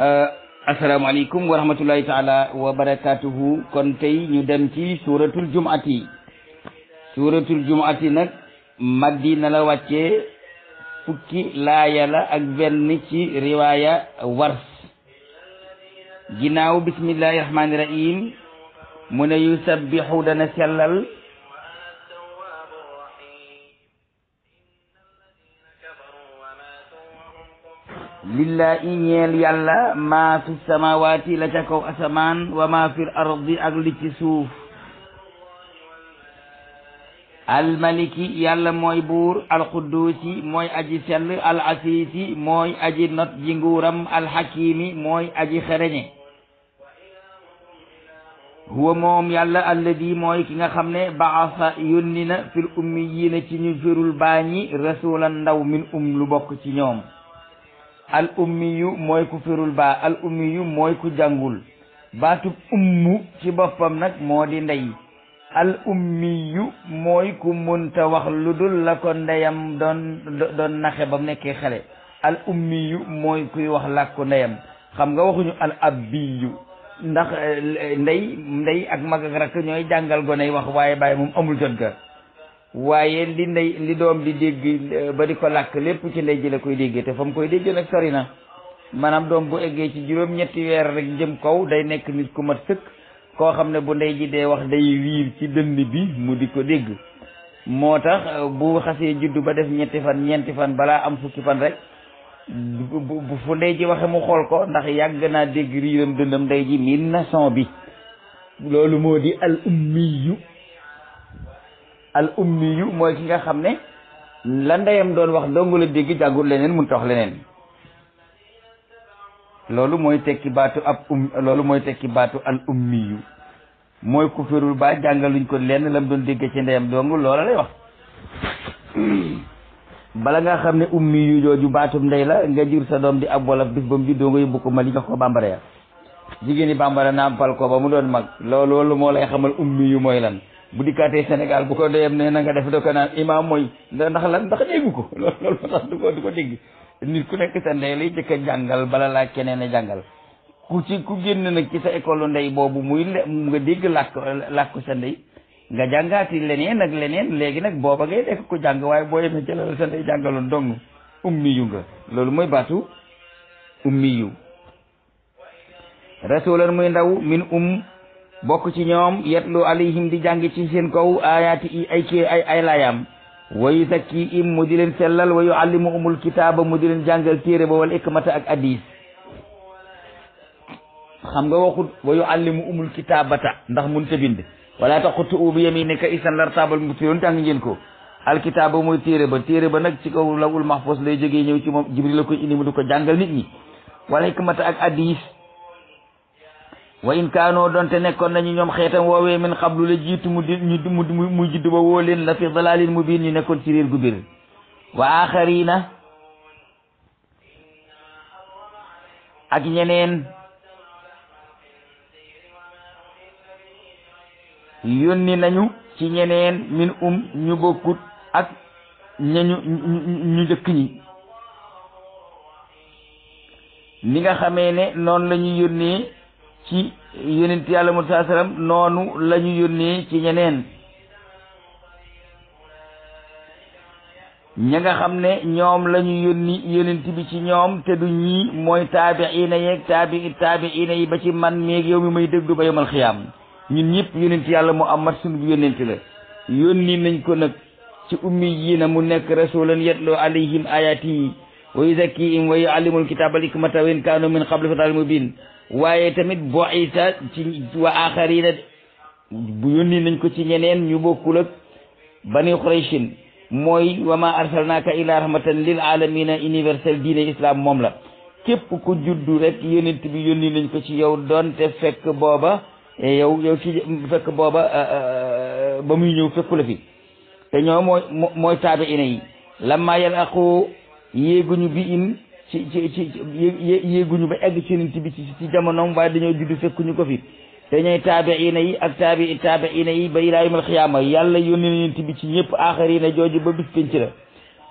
Euh, asalaamaaleykum wa rahmatullahi taala wa barakaatuhu kon tey ñu dem ci suuratul jumati suuratul jumati nag Madina la wàccee fukki laaya la ak benn ci riwaaya wars ginnaaw bismillahi rahmaani rahim mu ne yusabbihu dana sellal lillaahi ñeel yàlla ma fi samawaati la ca kaw asamaan wa maa fi ardi ak li ci suuf almaliki yàlla mooy buur alqudduusi mooy aji sell alasiisi mooy aji not ji nguuram alxakiimi mooy aji xereñe huwa moom yàlla alladi mooy ki nga xam ne baasa yónni na fil ummiyiina ci ñu firul baañi rasulan ndaw min um lu bokk ci ñoom al ummiyu mooy ku firul baa al ummiyu mooy ku jàngul baatu ummu ci boppam nag moo di ndey al ummiyu mooy ku munta wax lu dul la ko ndeyam doon naxe ba mu nekkee xale al ummiyu mooy kuy wax làkku ndeyam xam nga waxuñu al yu ndax eh, ndey ndey ak mag ak rakk ñooy jàngal gone yi wax waaye bàyyi moom amul jot ga waaye li ndey li doom di dégg eh, ba di ko làkk lépp ci ndey ji koy déggee te fa mu koy déggee nag sori na maanaam doom bu eggee ci juróom-ñetti weer rek jëm kaw day nekk nit ku mat sëkk koo xam ne bu ndey ji dee wax day wiir ci dënn bi mu di ko dégg moo tax eh, bu xasee juddu ba def ñetti fan ñeenti fan balaa am fukki fan rek bu fu ndey ji waxe mu xool ko ndax yàgg naa dégg riiram dëndam ndey ji miin na bi loolu moo di al ummiyu al ummi yu mooy ki nga xam ne la ndeyam doon wax dong la dégg jàggul leneen mun tax leneen loolu mooy tekki baatu ab um loolu mooy tekki baatu al ummi yu mooy ku ferul jàngaluñ ko lenn lam doon dégg ci ndeyam dong loola lay wax bala nga xam ne ummi yu jooju baatum ndey la nga jur sa doom di ab wolof bis ba mu juddoo nga yóbbu ko jox ko bambara ya jigéen ñi bambara ko ba mu doon mag loolu moo lay xamal ummi yu mooy lan bu dikkaatee Sénégal bu ko doyam ne na nga def da ko naan imaam mooy ndax lan ndax dégg ko loolu moo tax du ko dégg nit ku nekk sa ndey lay jëkk jàngal bala laa keneen a jàngal ku ci ku génn nag ci sa école ndey boobu muy nga dégg làkk làkk sa ndey nga jàngaati leneen ak leneen léegi nag booba ngay dekk ko jàng waaye boo yemee ci sa ndey jàngaloon dong ummiyu nga loolu mooy baatu ummiyu rasulan muy ndaw min um bokk ci ñoom yetlu alayhim di jàng ci seen kaw ayaati i ay kii ay ay laayaam mu di leen sellal wa yuallimuhumul kitaaba mu di leen jàngal téere ba wal hikmata ak hadiis xam nga waxut wa yuallimuhumul ta ndax mun ta bind wala taxuttu bi yaminika isan lartaabal mubtiluun jàng ngeen ko alkitaaba mooy téere ba téere ba nag ci kaw lawul mahfuus lay jógee ñëw ci moom jibril la koy indi mu di ko jàngal nit ñi wal hikmata ak hadiis wa in kaanoo donte nekkoon nañu ñoom xeetam woowee min xablu la jiitu mu di mu mu juddu ba woo leen la fi dalaalin mu biin ñu nekkoon ci réer gu bir wa aaxarina ak ñeneen yónni nañu ci ñeneen min um ñu bokkut ak ñañu ñu njëkk ñi ni nga xamee ne noonu la ñuy ci yonent yàlla mu saa noonu la ñu yónnee ci ñeneen ña nga xam ne ñoom la ñu yónni yonent bi ci ñoom te du ñii mooy na yeeg taabi taabiina yi ba ci man meeg yow mi may déglu ba yomal xiyaam ñun ñëpp yonent yàlla mu am Muhammad sunu yonent la yónni nañ ko nag ci ummi yi na mu nekk rasulan yatloo alayhim ayaati yi wa yuzakkihim wa yuallimul kitaaba wal hikmata wa in kaanu min qablu waaye tamit boisa ci wa axarina bu yónni nañ ko ci ñeneen ñu bokkul ak bani xurayshin mooy wama arsalnaaka ila rahmatan lil alamina universel diine islaam moom la képp ku juddu rek yonent lañ ko ci yow doonte fekk booba yow yow ci fekk booba euh, euh, ba muy ñëw fekku la fi te ñoo mooy mooy taabi ina yi lamma yal aqu yéeguñu bi in ci ci ci yéeguñu ba egg ci yonent bi ci ci jamonoom waaye dañoo juddu fekkuñu ko fi te ñooy taabiina yi ak taabi taabiina yi ba ilaa yawmal xiyaama yàlla yónni na yonent bi ci ñëpp aaxarina jooju ba bis penc la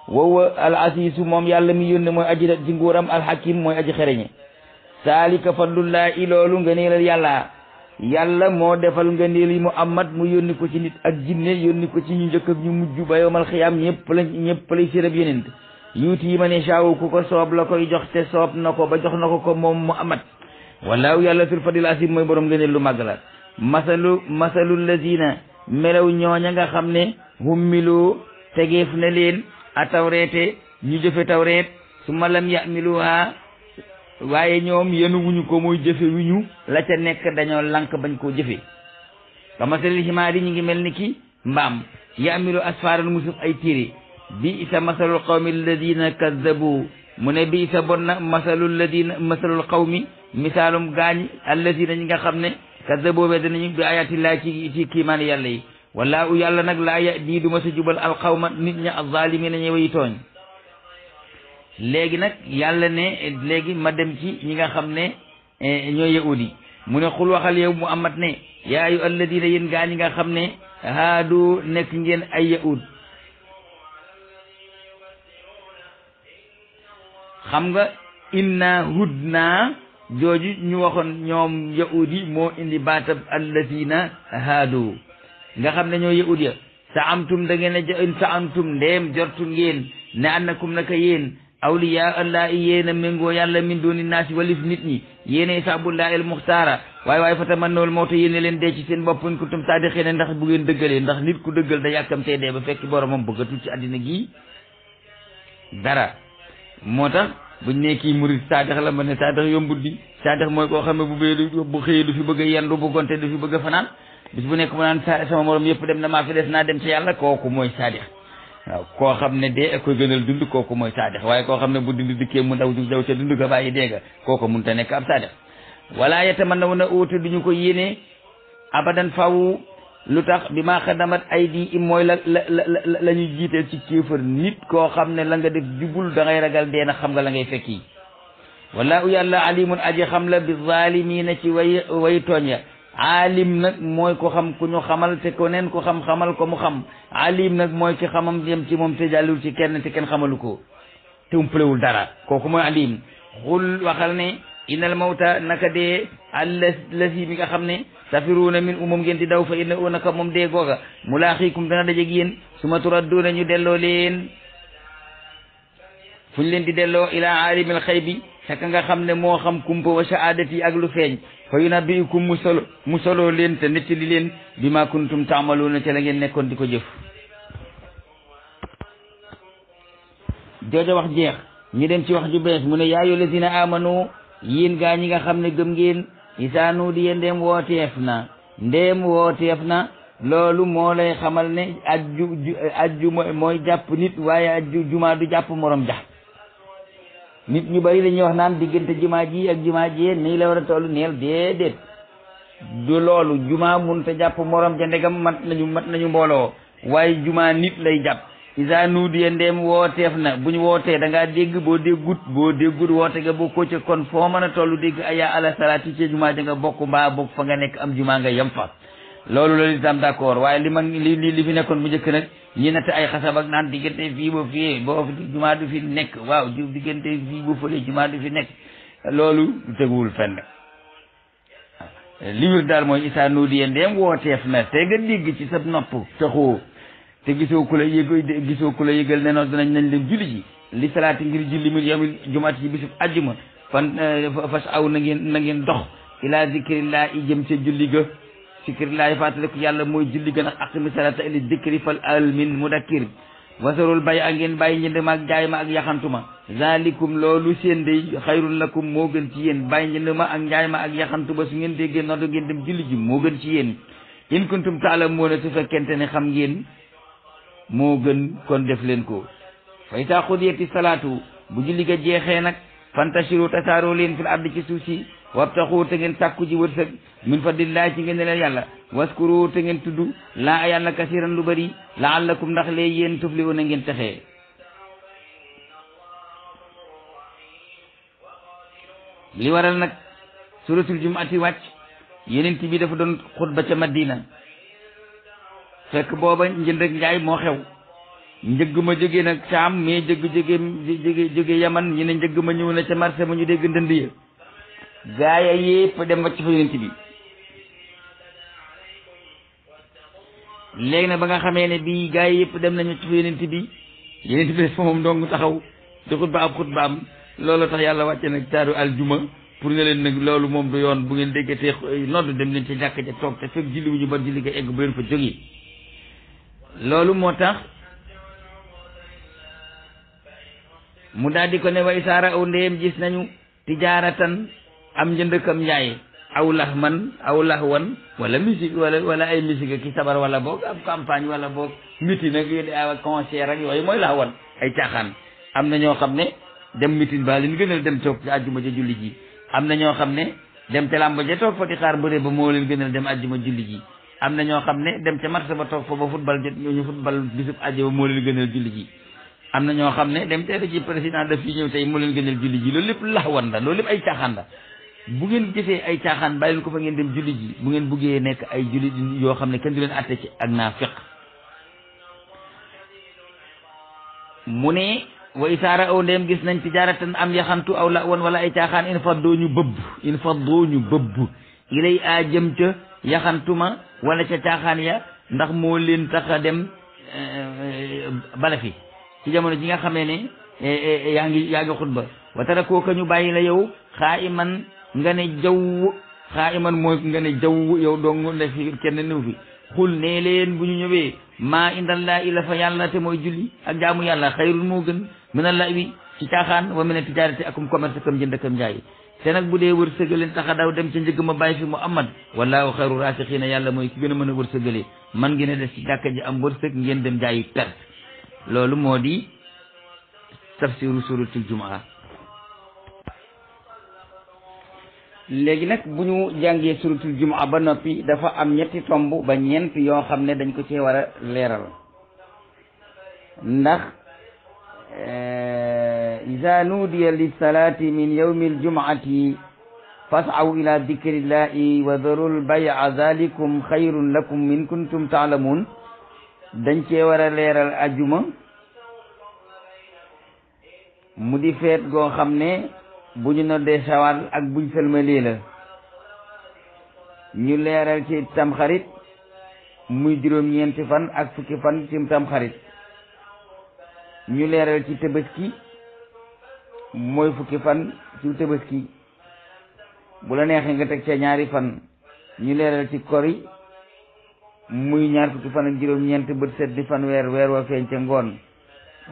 woowa al moom yàlla mi yónni mooy aji ci nguuram al hakim mooy aji xereñe saalika fadlullaahi loolu nga neelal yàlla yàlla moo defal nga neel yi Muhammad mu yónni ko ci nit ak jinne yónni ko ci ñu njëkk ak ñu mujj ba yawmal xiyaam ñëpp la ñëpp lay sérab yeneen yuuti ma ne shaawu ku ko soob koy jox te soob na ko ba jox na ko ko moom mu amat wallaahu yàlla sul fadil asim mooy borom ngëneel lu màgg la masalu masalu lazina melaw ñooña nga xam ne hummiloo tegeef na leen a tawreete ñu jëfe tawreet su ma lam yamiluha waaye ñoom yenu wuñu ko muy jëfe wuñu la ca nekk dañoo lank bañ koo jëfe ba masalil ximaar yi ñu ngi mel ni kii mbaam yamilu asfaaral mu sëf ay téere bi isa masalul qawmi kaddabu mu ne bi isa bon na masalul ladina masalul qawmi misaalum gaañ alladina ñi nga xam ne kaddabu be danañu bi ayatillahi ci kiimaan yàlla yi wala u yàlla nag laa ya dii duma sa jubal alqawma nit ña azalimina ñe way tooñ léegi nag yàlla ne léegi ma dem ci ñi nga xam ne e, ñooy yahudi mu ne xul waxal yow mu amat ne yaayu alladina yéen gaa ñi nga xam ne haadu nekk ngeen ay yahud xam nga inna naa jooju ñu waxoon ñoom yahud yi moo indi baatab alladina haadu nga xam ne ñoo yahud ya sa amtum da ngeen a sa amtum ndeem jortu ngeen ne annakum naka yéen awliya allah yéen a méngoo yàlla min dooni naasi walif nit ñi yéenay saabullahi al muxtaara waaye waaye moo mawta yéen leen dee ci seen bopp ñu kuntum saadiqiin ndax bu ngeen dëggalee ndax nit ku dëggal da yàkkamtee dee ba fekk boromam bëggatul ci àddina gi moo tax buñ ne kii murid saadix la ma ne saadix yombut di saadix mooy koo xam ne bu béy bu xëyee du fi bëgg a yendu bu gonte du fi bëgg a fanaan bis bu nekk mu naan sama morom yëpp dem na maa fi des naa dem ci yàlla kooku mooy saadix waaw koo xam ne dee ak koy gënal dund kooku mooy saadix waaye koo xam ne bu dund dikkee mu daw daw ca dund ga dee ga kooku mun ta nekk ab saadix wala yatamannaw na uute duñu ko yéene abadan lu tax bi maa xadamat ay di im mooy la la la la ñuy jiiteel ci kéefër nit koo xam ne la nga def jubul da ngay ragal dee na xam nga la ngay fekk yi wallaahu yàlla alimun aji xam la bi zaalimiina ci way way tooñ ya alim nag mooy ko xam ku ñu xamal te ko nen ko xam xamal ko mu xam alim nag mooy ki xamam yem ci moom te jàllul ci kenn te kenn xamalu ko te umpalewul dara kooku mooy alim xul waxal ne innal mawta naka dee àlla lasi nga xam ne safiruuna min umam ngeen di daw fa inna naka moom dee googa mulaaxiikum dana dajeeg yéen suma turadduuna ñu delloo leen fu ñu leen di delloo ilaa aalimil xaybi saka nga xam ne moo xam kumpa wa shahaadat yi ak lu feeñ fa yunabbiikum mu solo mu soloo leen te li leen bi ma kuntum taamaluuna ca la ngeen nekkoon di ko jëf jooja wax jeex ñu dem ci wax ju bees mu ne yaayu lazina amanu yéen gaa ñi nga xam ne gëm ngeen isaa nuudiya ndéem wooteef na ndéem wooteef na loolu moo lay xamal ne ajju ajju mooy jàpp nit waaye ajju jumaa du jàpp morom ja nit ñi bari dañuy wax naan diggante jumaa ji ak jumaa ji nii la war a toll neel déedéet du loolu jumaa mun te jàpp morom ja ndegam mat nañu mat nañu mbooloo waaye jumaa nit lay jàpp isa nuudiya woo wooteef na bu ñu wootee da ngaa dégg boo déggut boo déggut woote nga bokkoo ca kon foo mën a dégg ayaa ala nga bokk mbaa bokk fa nga nekk am jumaa nga yem fa loolu loolu itam d'accord waaye li mag li li li fi nekkoon bu njëkk nag ñi natt ay xasab ak naan diggante fii ba fii jumaa du fi nekk waaw diggante fii ba fële jumaa du fi nekk loolu teguwul fenn li wér daal mooy isa nuudiya ndeem wooteef na te nga dégg ci sa nopp taxoo te gisoo ku la yëgoy gisoo ku la yëgal ne noon danañ nañ leen julli ji li salaati ngir julli mi yamul jumaat ci bisub àjjuma fan eh, fas aw na ngeen na ngeen dox ilaa zikrillah i jëm ca julli ga zikrillah fàttaliku yàlla mooy julli ga nag aqimi salata li dikri fal almin mudakkir wasarul bay a ngeen bàyyi njënd ma ak jaay ma ak yaxantuma zalikum loolu seen day xayrul lakum moo gën ci yéen bàyyi njënd ma ak njaay ma ak yaxantuma su ngeen déggee noddu ngeen dem julli ji moo gën ci yéen in kuntum taalamuuna su fekkente ne xam ngeen moo gën kon def leen ko fa itaa xudiyati salaatu bu julli ga jeexee nag fantashiru tasaaroo leen fil ardi ci suuf si wabtaxu te ngeen sàkku ji wërsëg min fadlillahi ci ngeen ne yàlla waskuru te ngeen tudd laa yàlla kasiran lu bari laallakum ndax lee yéen tuflihu na ngeen texe li waral nag suratul jumuati wàcc yeneen bi dafa doon xutba ca madina fekk booba njënd ak moo xew njëgg ma jóge nag saam mais jëgg jóge jóge jóge yaman ñu ne njëgg ma ñëw na ca marché ma ñu dégg ndënd ya gaaya yépp dem ba nga xamee ne bii gaaya yépp dem nañ wàcc fa yonent bi yonent bi fa moom dong taxaw di xutba ab xutba am loolu tax yàlla wàcce nag taaru aljuma pour ne leen nag loolu moom du yoon bu ngeen déggatee nodd dem leen ca jàkk ca toog te fekk julli wu ñu ba julli ko egg ba yéen fa jógee loolu moo tax mu daldi ko ne way saara aw ndeyam gis nañu tijaaratan am njëndëkam njaay aw lax man aw lax wan wala musique wala wala ay musique ki sabar wala boog ab campagne wala boog meeting ak yu concert ak yooyu mooy lax wan ay caaxaan am na ñoo xam ne dem meeting ba leen gënal dem toog ci àjjuma ja julli ji am na ñoo xam ne dem te làmba ja toog fa di xaar bëre ba moo leen gënal dem àjjuma julli ji am na ñoo xam ne dem ca marché ba toog fa ba football jot ñooñu moo leen gënal julli ji am na ñoo xam ne dem tey ci président daf fi ñëw tey moo leen gënal julli ji loolu lépp laxwan la loolu lépp ay caaxaan la bu ngeen jëfee ay caaxaan bàyyi leen ko fa ngeen dem julli ji bu ngeen buggee nekk ay julli yoo xam ne kenn du leen àtte ci ak naafiq mu ne wa isaara aw ndeem gis nañ tijaaratan am yaxantu aw la woon wala ay caaxaan in faddoo ñu bëbb in faddoo ñu bëbb ilay yaxantuma walla ca caaxaan ya ndax moo leen tax dem eh, bala fi ci jamono ji nga xamee ne eh, eh, yaa ngi yaa ngi xutba wa tara koo ñu bàyyi la yow xaa iman nga ne jaww xaa iman mooy nga ne jaww yow dong ne fi kenn néew fi xul nee leen bu ñu ñëwee maa indal laa ila fa yàlla te mooy julli ak jaamu yàlla xayrul moo gën minal la wi ci caaxaan wa mina tijaarati akum commerce kam jënd kam jaay te nag bu dee tax a daw dem ca njëgg ma bàyyi fi muhammad wallaahu xayru raasixiina yàlla mooy ki gën a mën a wërsëgale man ngi ne des ci jàkka ji am wërsëg ngeen dem jaayi perte loolu moo di tafsiru suratul jumaa léegi nag bu ñu jàngee suratul jumaa ba noppi dafa am ñetti tomb ba ñeent yoo xam ne dañ ko ci war a leeral ndax إذا نودي للصلاة من يوم الجمعة فاسعوا إلى ذكر الله وذروا البيع ذلكم خير لكم إن كنتم تعلمون dañ cee war a leeral ajuma mu di feet goo xam ne bu ñu noddee sawal ak buñ sëlmalee la ñu leeral ci tamxarit muy juróom-ñeenti fan ak fukki fan ci tamxarit ñu leeral ci tabaski mooy fukki fan ci tabaski bu la neexee nga teg ca ñaari fan ñu leeral ci kori muy ñaar fukki fan ak juróom-ñeent bët set di fan weer weer wa feeñ ca ngoon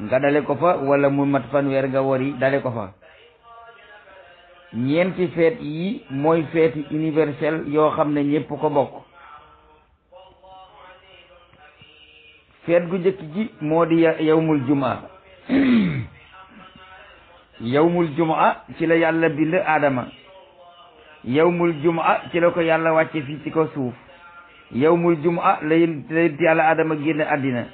nga dale ko fa wala mu mat fan weer nga wori dale ko fa ñeenti feet yi mooy feeti universel yoo xam ne ñépp ko bokk feet gu njëkk gi moo di yawmul jumaa yawmul jumaa ci la yàlla bind aadama yawmul jumaa ci la ko yàlla wàcce fii ci ko suuf yawmul jumaa la yent yàlla aadama génn àddina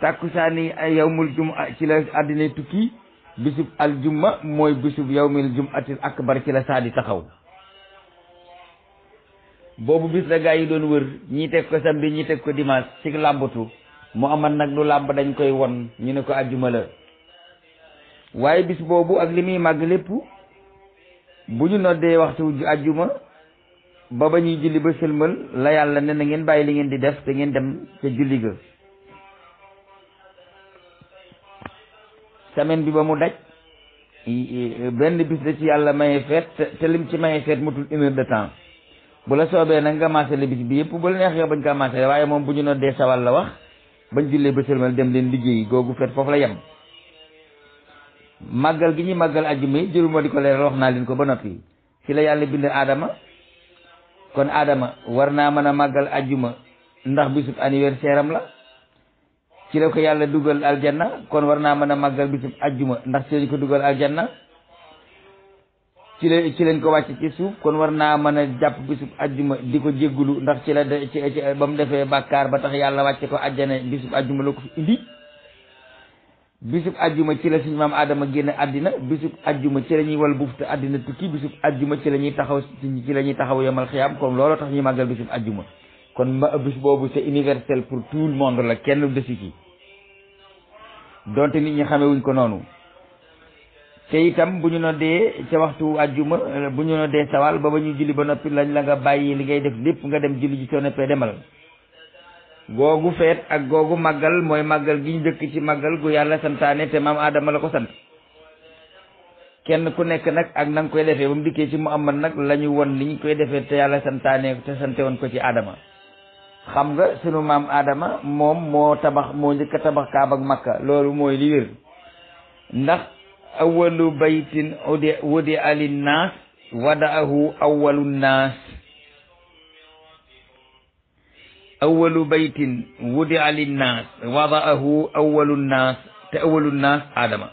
tàkkusaani yawmul jumaa ci la àddina tukki bisub aljuma mooy bisub yawmil jumaatil akbar ci la di taxaw boobu bis la gaa yi doon wër ñii teg ko samedi ñii teg ko dimanche ci làmbatu mu Muhammad nag lu làmb dañ koy won ñu ne ko ajjuma la waaye bis boobu ak li muy màgg lépp bu ñu noddee waxtu ajjuma ba ba ñuy julli ba sëlmal la yàlla ne na ngeen bàyyi li ngeen di def te ngeen dem ca julli ga semaine bi ba mu daj benn bis da ci yàlla maye feet te lim ci maye feet mutul une heure de temps bu la soobee nag nga maasale bis bi yëpp bu la neexee bañ ko maasale waaye moom bu ñu noddee sawal la wax bañ jullee ba sëlmal dem leen liggéeyi googu fet foofu la yem màggal gi ñuy màggal ajjuma yi jëru moo di ko leeral wax naa leen ko ba noppi ci la yàlla bind aadama kon aadama war naa mën a màggal ajjuma ndax bisub anniversaire la ci la ko yàlla dugal aljanna kon war naa mën a màggal bisub ajjuma ndax ci lañ ko dugal aljanna ci la ci lañ ko wàcc ci suuf kon war naa mën a jàpp bisub ajjuma di ko jéggulu ndax ci la de ci ba mu defee bàkkaar ba tax yàlla wàcce ko àjjana bisub ajjuma la ko fi indi bisub ajjuma ci la suñu maam Adama génn àddina bisub ajjuma ci la ñuy wal bufta àddina tukki bisub ajjuma ci la ñuy taxaw ci la ñuy taxaw yomal xiyaam kon looloo tax ñuy màggal bisub ajjuma kon ma bis boobu c'est universel pour tout le monde la kenn desu ci donte nit ñi xamee wuñ ko noonu te itam bu ñu noddee ca waxtu ajjuma bu ñu noddee sawal ba ba ñuy julli ba noppi lañ la nga bàyyi li ngay def lépp nga dem julli ji soo noppee demal googu feet ak googu màggal mooy màggal gi ñu dëkk ci màggal gu yàlla santaane te maam aadama la ko sant kenn ku nekk nag ak na koy defee ba mu dikkee ci Muhammad nag la ñu won li ñu koy defee te yàlla santaane te sante woon ko ci aadama xam nga sunu maam aadama moom moo tabax moo njëkk tabax kaaba loolu mooy awalu baytin wudia linnaas wadaahu awalu nnaas awalu baytin wudia linnaas wadaahu awalu nnaas te awalu nnaas aadama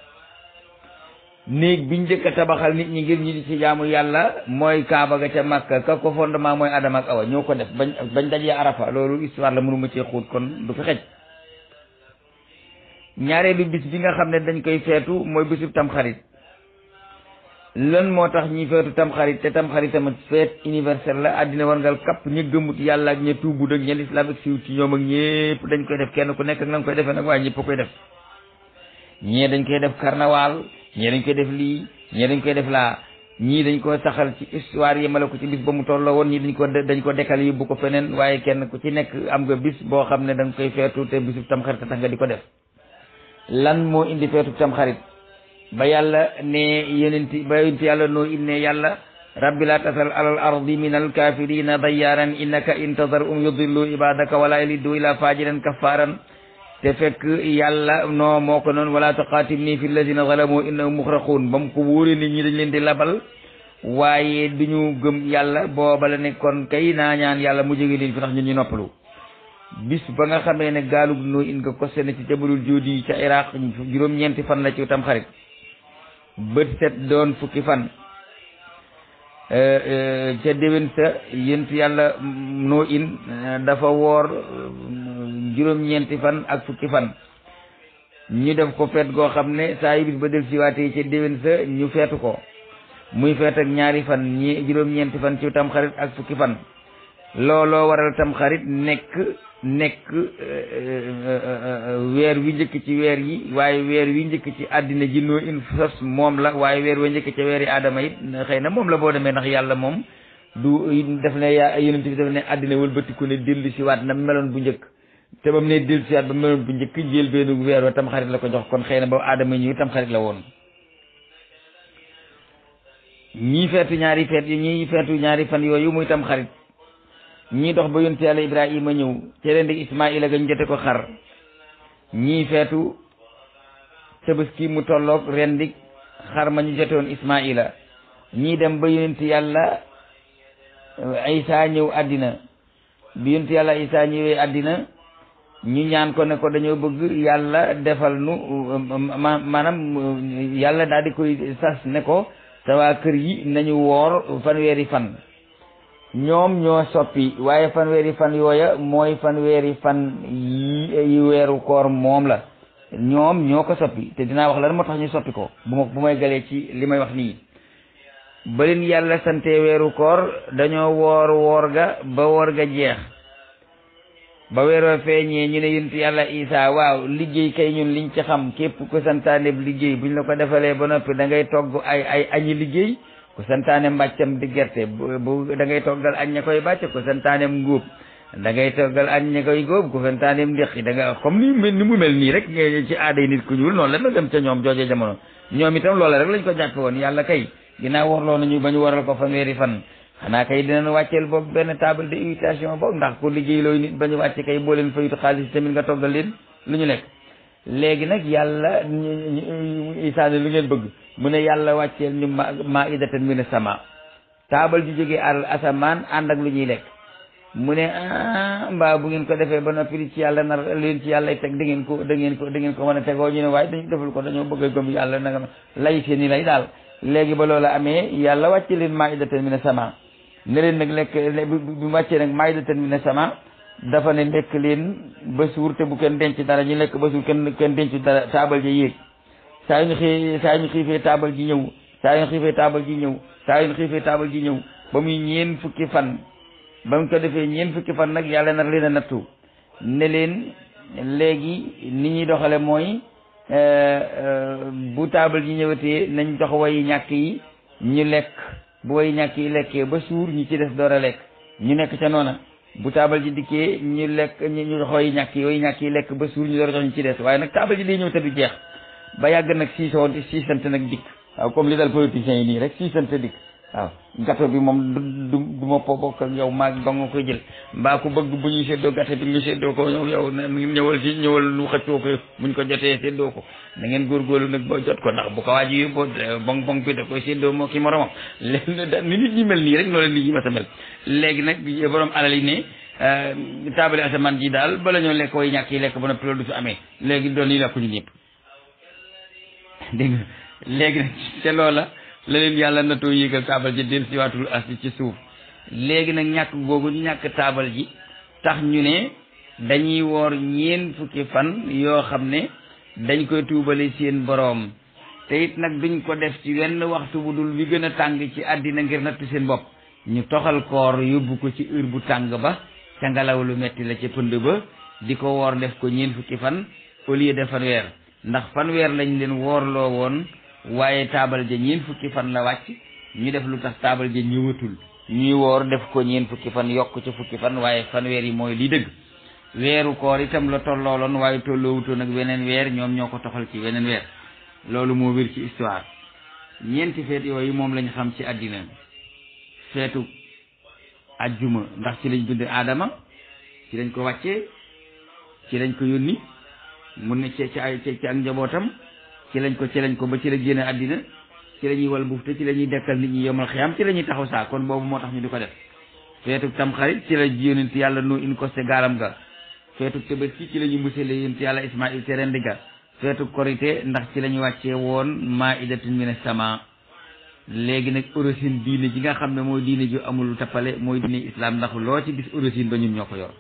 néeg bi njëkk a tabaxal nit ñi ngir ñu ci jaamu yàlla mooy kaaba ga ca Makka ka ko fondement mooy Adama ak Awa ñoo ko def bañ bañ dajee Arafa loolu histoire la mënuma cee xóot kon du fi xej ñaareelu bis bi nga xam ne dañ koy feetu mooy bisub tamxarit lan moo tax ñi feetu tamxarit te tamxarit tamit feet universel la àddina warngal kapp ñi gëmut yàlla ak ñi tuubut ak ñi lislaam ci ñoom ak ñépp dañ koy def kenn ku nekk ak na nga koy defee nag waaye ñëpp koy def ñee dañ koy def carnaval ñee dañ koy def lii ñee dañ koy def laa ñii dañ ko saxal ci histoire yemale ko ci bis ba mu tolloo woon ñii dañ ko dañ ko dekkal yóbbu ko feneen waaye kenn ku ci nekk am nga bis boo xam ne dañ koy feetu te bisub tamxarit tax nga di ko def lan moo indi feetu tamxarit ba yàlla ne yonenti ba yonenti yàlla noo in ne yàlla rabbi laa tasal alal ardi min alkafirina dayyaaran innaka intadarhum yudillu ibadaka wala yalidu ila fajiran kafaran te fekk yàlla noo moo ko noon wala tuqaatim nii fi lazina zalamu innahum muxraquun ba mu ko ni nit ñi dañ leen di labal waaye du ñu gëm yàlla booba la nekkoon kay naa ñaan yàlla mu jóge leen fi nax ñu ñu noppalu bis ba nga xamee ne gaalug noo in nga kose na ci jabalul joodi ca iraq juróom-ñeenti fan la ci tam xarit bët set doon fukki fan euh, euh, ca déwén sa yàlla noo in euh, woor juróom fan ak fukki fan ñu def ko goo xam ne saa yu bis ba del siwaatee ñu feetu ko muy feet ak ñaari fan ñi juróom-ñeenti fan ci tam xarit ak fukki fan looloo waral tam xarit nekk nekk euh, euh, euh, weer wi njëkk ci weer yi waaye weer wi njëkk ci àddina ji noo in sos moom la waaye weer wa njëkk ci weer yi aadama it xëy na moom la boo demee ndax yàlla moom du def ne yaa yonent bi def ne àddina wëlbatiku ne dellu si waat na meloon bu njëkk te ba mu ne dellu si waat ba meloon bu njëkk jël weer wa tam xarit la ko jox kon xëy na ba aadama ñëw tam xarit la woon ñii feetu ñaari feet ñii feetu ñaari fan yooyu muy tam xarit ñii dox ba yonte yàlla ibrahima ñëw te leen di ismaila ga ñu jote ko xar ñii feetu tabaski mu tollook ren di xar ma ñu jotewoon ismaila ñii dem ba yonent yàlla eh, isa ñëw àddina bi yàlla isa ñëwee àddina ñu ñaan ko ne ko dañoo bëgg yàlla defal nu eh, maanaam eh, yàlla daal di koy sas ne ko te waa kër yi nañu woor fanweeri fan ñoom ñoo soppi waaye fanweeri fan yooya mooy fanweeri fan yi weeru koor moom la ñoom ñoo ko soppi te dinaa wax lan moo tax ñu soppi ko bu ma bu may galee ci li may wax nii ba leen yàlla sante weeru koor dañoo woor woor ga ba woor ga jeex ba weeroo feeñee ñu ne yunt yàlla isaa waaw liggéey kay ñun liñ ci xam képp ku santaaneb liggéey buñ la ko defalee ba noppi da ngay togg ay ay añi liggéey ku santaane mbàccam di gerte bu bu da ngay toggal añ ña koy bàcc ku santaanem ngóob da ngay toggal añ ña koy góob ku santaanem ndéqi da nga comme ni mu mel nii rek ci aaday nit ku ñuul noonu la dem ca ñoom jooje jamono ñoom itam loola rek lañ ko jàppe woon yàlla kay ginnaaw warloo nañu ba ñu waral ko fanweeri fan xanaa kay dinañ wàcceel boog benn table de invitation boog ndax ku liggéey looyu nit ba ñu wàcce kay boo leen fayut tamit nga toggal leen lu ñu lekk léegi nag yàlla Isaa ne lu ngeen bëgg mu ne yàlla wàcceel ñu ma maa idatan min sama taabal ju jógee al asamaan ànd ak lu ñuy lekk mu ne ah mbaa bu ngeen ko defee ba noppi ci yàlla nar leen ci yàlla teg da ngeen ko da ngeen ko da ngeen ko mën a tegoo ñu ne waaye dañu deful ko dañoo bëgg a gëm yàlla na lay seen i lay daal léegi ba loola amee yàlla wàcce leen maa idatan min mi ne leen nag lekk bi wàccee nag maa idatan min sama dafa ne lekk leen ba suur te bu kenn denc dara ñu lekk ba suur kenn kenn denc dara taabal ji yéeg saa yu ñu xëyee saa yu ñu xiifee taabal ji ñëw saa yu ñu xiifee taabal ji ñëw saa yu taabal ji ñëw ba muy ñeen fukki fan ba mu ko defee ñeen fukki fan nag yàlla na leen a nattu ne leen léegi ni ñuy doxale mooy eh, eh, bu taabal ji ñëwatee nañ dox wayi ñàkk yi ñu lekk bu wayi ñàkk yi lekkee ba suur ñu ci des door a lekk ñu nekk ca noona bu taabal ji dikkee ñi lekk ñu xooy ñàkk yooyu ñàkk yi lekk ba suur ñu door ñu ci des waaye nag taabal ji day ñëw te du jeex ba yàgg nag siisante siisante nag dikk waaw comme li dal politiciens yi nii rek siisante dikk waaw gâteau bi moom du du ma ko bokk ak yow maag ba nga ko jël mbaa ku bëgg bu ñuy séddoo gâteau bi nga séddoo ko ñëw yow ñëwal si ñëwal nu xëccoo ko buñ ko jotee séddoo ko na ngeen góorgóorlu nag boo jot ko ndax bu ko waaj a yóbboo bong bong bi da koy séddoo moo ki moromam léegi daal ni nit ñi mel nii rek noonu la nit ñi ma sa mel léegi nag borom alal yi ne euh, taabale asamaan ji daal bala ñoo lekk ñàkk yi lekk ba noppi loolu du fi amee léegi doon yi làkku ñun ñëpp loola la leen yàlla natoo yéegal taabal ji del siwaatul asi ci suuf léegi nag ñàkk googu ñàkk taabal ji tax ñu ne dañuy woor ñeen fukki fan yoo xam ne dañ koy tuubale seen boroom te nag duñ ko def ci wenn waxtu bu dul bi gën a tàng ci àddina ngir nattu seen bopp ñu toxal koor yóbbu ko ci heure bu tàng ba ca ngelaw lu metti la ca pënd ba di ko woor def ko ñeen fukki fan au lieu de fanweer ndax fanweer lañ leen woorloo woon waaye taabal ja ñeen fukki fan la wàcc ñu def lu tax taabal ja ñëwatul ñuy woor def ko ñeen fukki fan yokk ca fukki fan waaye fanweer yi mooy li dëgg weeru koor tam la tollooloon waaye tolloowutoon ak weneen weer ñoom ñoo ko toxal ci weneen weer loolu moo wér ci histoire ñeenti feet yooyu moom lañu xam ci àddina feetu ajjuma ndax ci lañ bind aadama ci lañ ko wàccee ci lañ ko yónni mu na ci ci ay ci ak njabootam ci lañ ko ci lañ ko ba ci la génne àddina ci la ñuy wal buuf te ci la ñuy dekkal nit ñi yomal xiyam ci la ñuy taxaw saa kon boobu moo tax ñu di ko def feetu tamxarit ci la yonent yàlla nu in costé gaalam ga feetu tëbët ci ci la ñu musale yonent yàlla ismail te rendi ga feetu korité ndax ci la ñu wàccee woon maa idatun mina sama léegi nag origine diine ji nga xam ne mooy diine ju amul tappale mooy diine islam ndax loo ci gis origine ba ñun ñoo ko yor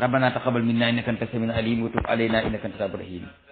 rabbana taqabal minna innaka anta samiul alim wa tub alayna innaka anta tawwabur